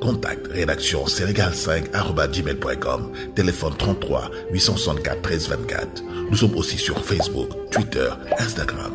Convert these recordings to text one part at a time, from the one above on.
Contact rédaction sénégal 5gmailcom téléphone 33 864 13 Nous sommes aussi sur Facebook, Twitter, Instagram.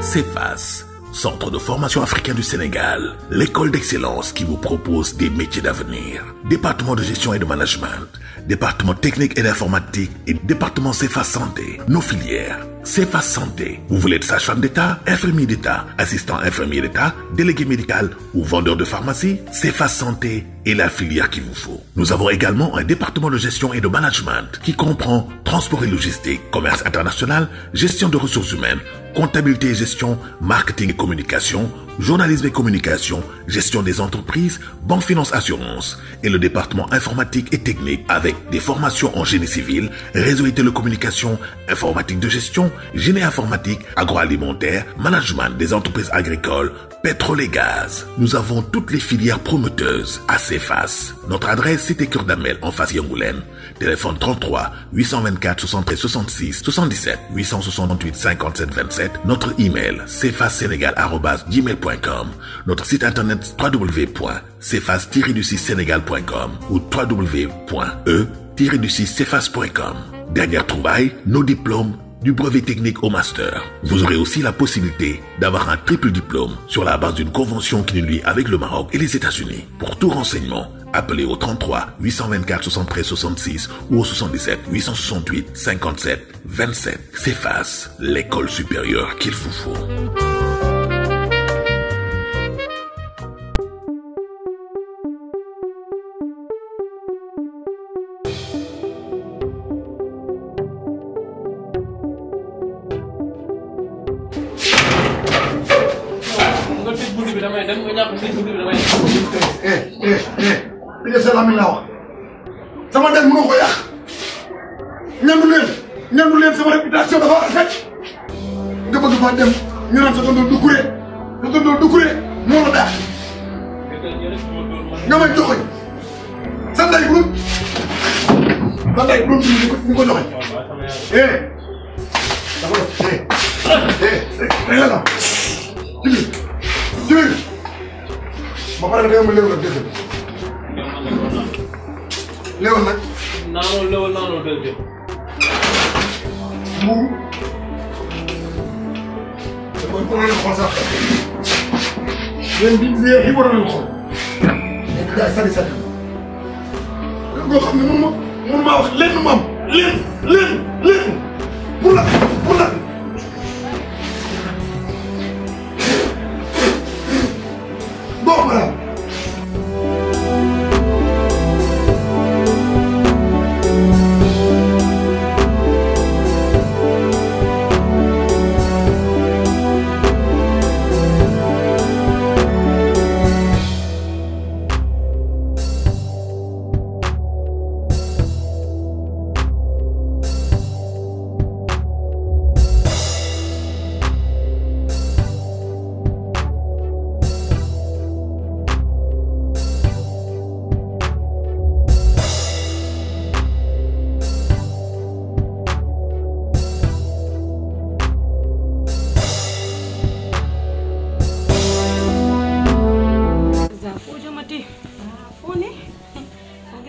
c'est face Centre de formation africain du Sénégal, l'école d'excellence qui vous propose des métiers d'avenir. Département de gestion et de management, département technique et d'informatique et département CFA Santé. Nos filières, CFA Santé. Vous voulez être sage-femme d'État, infirmier d'État, assistant infirmier d'État, délégué médical ou vendeur de pharmacie CFA Santé et la filière qu'il vous faut. Nous avons également un département de gestion et de management qui comprend transport et logistique, commerce international, gestion de ressources humaines, comptabilité et gestion, marketing et communication, journalisme et communication, gestion des entreprises, banque finance assurance et le département informatique et technique avec des formations en génie civil, réseau et télécommunication, informatique de gestion, génie informatique, agroalimentaire, management des entreprises agricoles, pétrole et gaz. Nous avons toutes les filières promoteuses, notre adresse, cité Kurdamel en face Yangoulen, Téléphone 33 824 63 66 77 868 57 27. Notre email, gmail.com Notre site internet www.cefas-sénégal.com ou www.e-cefas.com. Dernière trouvaille, nos diplômes du brevet technique au master. Vous aurez aussi la possibilité d'avoir un triple diplôme sur la base d'une convention qui nous lie avec le Maroc et les États-Unis. Pour tout renseignement, appelez au 33 824 73 66 ou au 77 868 57 27. C'est face l'école supérieure qu'il vous faut. ko tëj bunt bi damay dem nga jàpp tëj bunt bi damay dem. bi def sa lamiñ laa wax sama der mënoo ko yàq ñandu leen ñandu leen sama réputation dafa rafet nga bëgg faa dem ñu naan sa tonton Doucouré sa tonton Doucouré moo la daax nga may joxoñ sa ndey bu sa ndey bu ñu ko joxoñ eh dafa def eh eh jërëjëf ma léew nag dëgg léew nag. naanoo léewal naanoo dëgg. mbuur. ku doon xool bi yéen yi war nañu xool. mais gars yi sari mun ma mun maa wax lenn mu am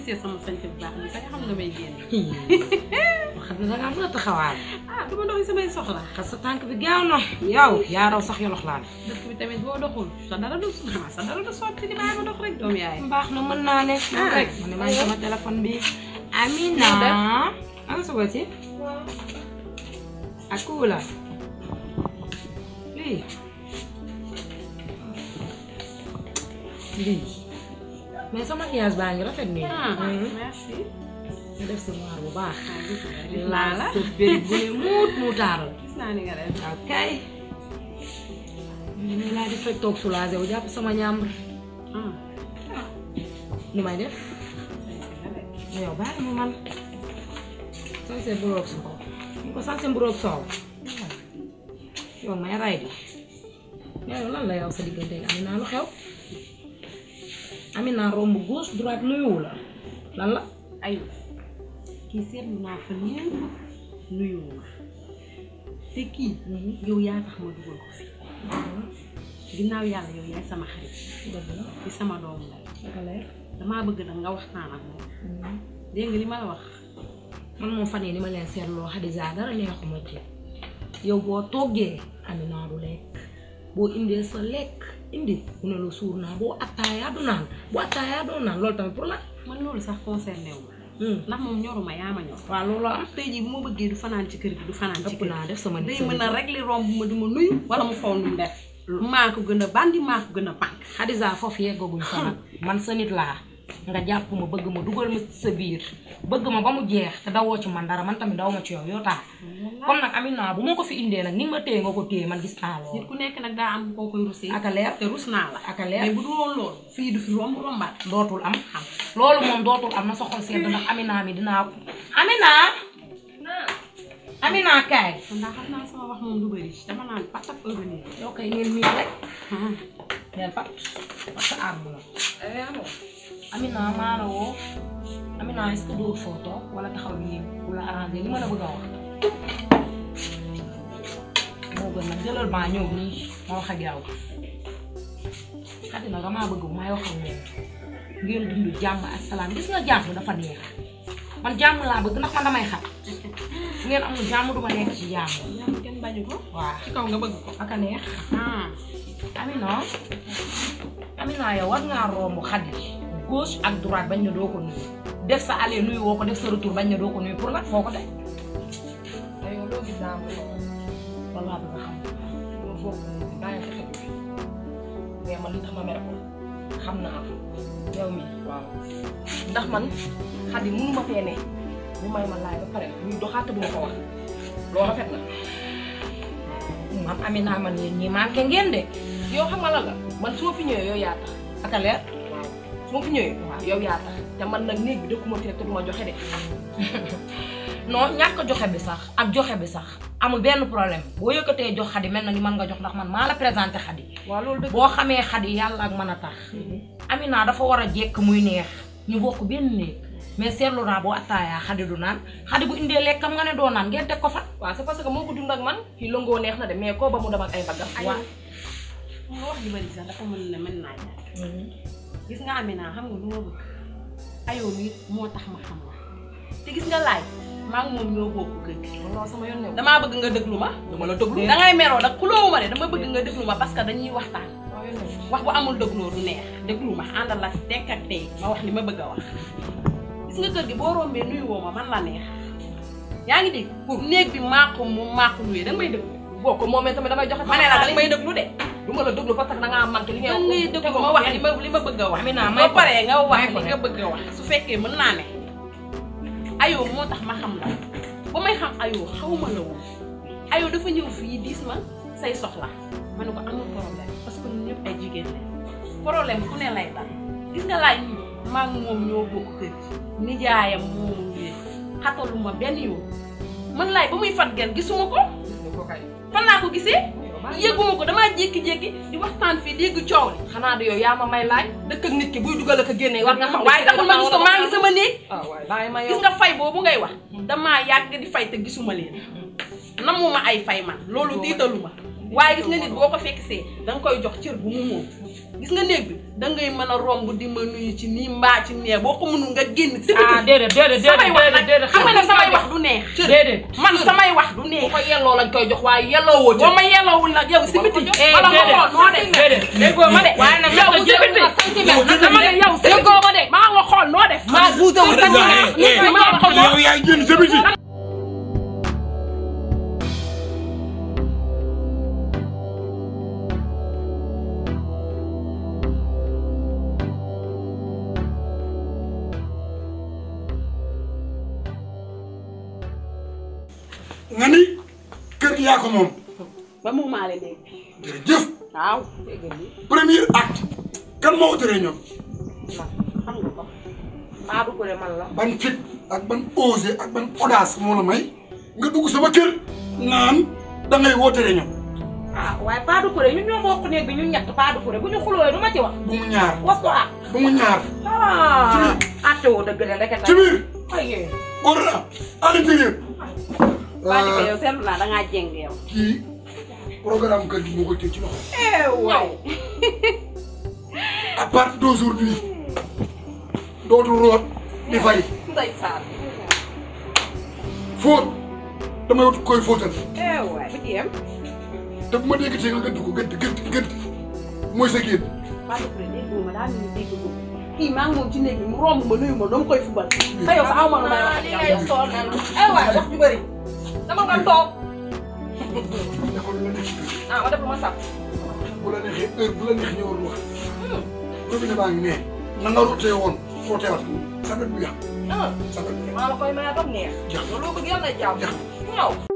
gisee sama sañte bu baax bi sax xam nga may génn. xam ne da ngaa mën a taxawaal. ah du ma doxi samay soxla. xas sa tànk bi gaaw na. yow yaa raw sax yolox laa. dëkk bi tamit boo doxul sa dara du sa dara du sotti di bàyyi ma dox rek doom yaay. baax na mën naa ne. ah rek man maa ngi sama téléphone bi. Amina. ana sa wati. ak kuula. lii. lii. mais sama nuage baa ngi rafet nii. merci. def si noir bu baax. laa la suuf bi bu ne muut muutaaral. gis naa ni nga def. sama ñàmbur. nu may def. yow bàyyi mu man. sanse bu roog soow. ñu ko sanse bu roog soow. yow may ray bi. yow lan la yow amina romb gauche droite nuyu la lan la ay ki seetlu na fa ñeent nuyuwu ma te ki mhm. yow ya tax ma dugal ko fi ginaaw yalla yow ya sama xarit deug ci sama doom la dama bëgg nag nga waxtaan ak mo mhm. deeng nga li ma la wax man mo fane ni ma leen seetloo hadiza dara neexuma ci yow boo toggee amina du lek bo indee sa lek indi mu ne la suur naa boo attaayaa du naan bu attaayaa doo naan loolu tamit pour la man loolu sax concerné wu hmm. ndax moom ñoruma yaa ma ñor waaw loolu am tey jii bu ma bëggee du fanaan ci kër gi du fanaan ci kër gi def sama day mën a rek li romb ma du ma nuyu wala mu faw num ko gën a bandi maa gën a pànk Xadisa foofu yeggaguñ fa nag man sa nit laa nga jàpp ma bëgg ma dugal ma sa biir bëgg ma ba mu jeex te dawoo ci man dara man tamit daw ma ci yow yoo taa hmm. comme nak amina bu moko fi indé nak ni ma téy nga ko téye man gis naa loolu nit ku nek nak da am ko koy rusee ak lèr té te rus la ak lèr mais bu dul woon loolu fii du fi rom rombaat dotul am xam loolu mom dotul am na soxol xol sedd ndax amina mi dina ko amina amina kay ndax xamna sama wax mom du bari dama nan patap ak heure kay ngeen mi rek neel pat pat que arme la eh, amina maa la amina est ce que doo photo wala taxaw ni wala arrangé li ma la bëgg wax bëggoon nag jëlal maa mau kagak ma wax ak yow xatina damaa bëgg may wax ak moom ngeen dund jàmm ak salaam gis nga jàmm dafa neex man jàmm laa bëgg ndax man damay xat ngeen amul jàmm duma kok? ci jàmm. jàmm kenn bañu ko. waaw ci kaw nga bëgg ko. ak a neex. Amina Amina yow war ngaa romb xadi gauche ak droite bañ na ko nuyu def sa aller nuyu woo def sa retour bañ na doo ko nuyu pour man li ma mere xam na am yow mi waaw ndax man xaddi mënu ma fee ne bu may ma laaj ba pare muy doxaat bu ma ko wax loolu rafet na man Amina man yéen ñi manqué ngeen de yow xam nga la la man su ma fi ñëwee yow yaa tax ak a leer su ma fi ñëwee yow yaa tax te man nag néeg bi dëkkuma fi rek te du ma joxe de non ñàkk joxe bi sax ak joxe bi sax amul benn problème boo yëkkatee jox xadi mel na ni mën nga jox ndax man maa la présenté xadi boo xamee xadi yàlla ak mën a tax mhm. Amina dafa war a jekk muy neex ñu bokk benn néeg mais seetlu naa boo attaayaa xadi du naan xadi bu indee lekkam nga ne doo naan ngeen teg ko fa waaw c'est parce que moo ko dund ak man fii lëngoo neex na de mais koo ba mu dama ay bagam waaw moo wax li ma sax dafa mën ne mën naa mhm. gis nga Amina xam nga lu ma bëgg ayoo nit moo tax ma xam la te gis nga laaj maa ngi moom ñoo bokk kër gi. non bëgg nga déglu ma. dama la déglu da ngay meroo nag xulóowu ma de dama bëgg nga déglu ma parce que dañuy waxtaan. wax bu amul dégloo du neex déglu ma àndal la tekk ak tey ma wax li ma bëgg a wax. gis nga kër gi boo rombee nuyu woo ma man la neex yaa ngi dégg pour néeg bi maako mu maako nuyee danga may déglu. boo ko moomee tamit damay joxe. ma ne la danga may déglu de. du ma la déglu parce que da ngaa manqué li ngay wax. da ngay déglu ma wax li ma bëgg a wax. ba pare nga wax li nga bëgg a wax su fekkee mën naa ne ayoo moo tax ma xam la ba may xam ayoo xawma la woon ayoo dafa ñëw fii diis ma say soxla ma ne ko amul problème parce que ñun ay jigéen lañ problème ku ne lay dal gis nga laaj maa ngi moom ñoo bokk kër nijaayam moomu yéen xataluma benn yoon man laay ba muy fat gen gisuma ko fan laa ko gisee yëguma ko damaa jékki-jékki di waxtaan fii dégg coow li xanaa da yow yaa ma may laaj dëkk ak nit ki buy dugal ak a génne war nga xam waaye taxul ma gis ko maa ngi sama néeg ah, gis nga fay boobu ngay wax damaa yàgg di fay te gisuma leen namuma ay fay man loolu tiitalu ma waaye gis nga nit boo ko fekk see da koy jox cër bu mu moom gis nga néeg bi da ngay mën a romb di ma nuyu ci nii mbaa ci nee boo ko mënul nga génn. si biti ah déedéet déedéet samay wax nag xam nga ne samay wax du neex. déedéet man wax du neex. bu ko lañ koy jox waaye yelloo woo. boo ma yelloowul nag yow si biti. wala eh, nga xool noo de. déedéet déggoo ma de. waaye nag yow si biti yow dama ne yow si biti déggoo ma de. maa nga xool noo def. maa buutoo waaw premier acte kan moo uti réunion. xam nga ko Babou la. ban fit ak ban osé ak ban audace moo la may nga dugg sama kër naan da ngay woote réunion. ah waaye Babou Coulé ñun ñoo bokk bi ñu ñett Babou Coulé bu ñu xuloo du ma ci wax. bu mu ñaar wax ko ah. bu mu ah, woo dëgg la rek. ci biir ayé. war na à l'intérieur. Bathie yow naa da ngaa programme kër gi moo koy teg ci loxo. eh waay. à partir d'aujourd'hui root di fay. ndeysaan. damay wut koy fóotal. eh waay bu ci yem. ma dégg ci nga gëdd ko gëdd gëdd mooy sa génn. maa ngi lay dégg ma daal di dégg ko kii maa ngi moom ci néeg mu romb ma nuyu ma dama koy fubal. te yow sax aw ma la may wax. waaw li ngay wax wax ju bëri dama ko toog. neexul ah, lu ma def bu la neexee heure bu la neex ñëwal wax. robinet baa ngi ne na nga rotee woon foo teewaat ko. sabet bi yàqu. Ah, sabet bi yàqu. maa la koy maye ba mu neex. jax loo bëgg yàlla jàmm. jax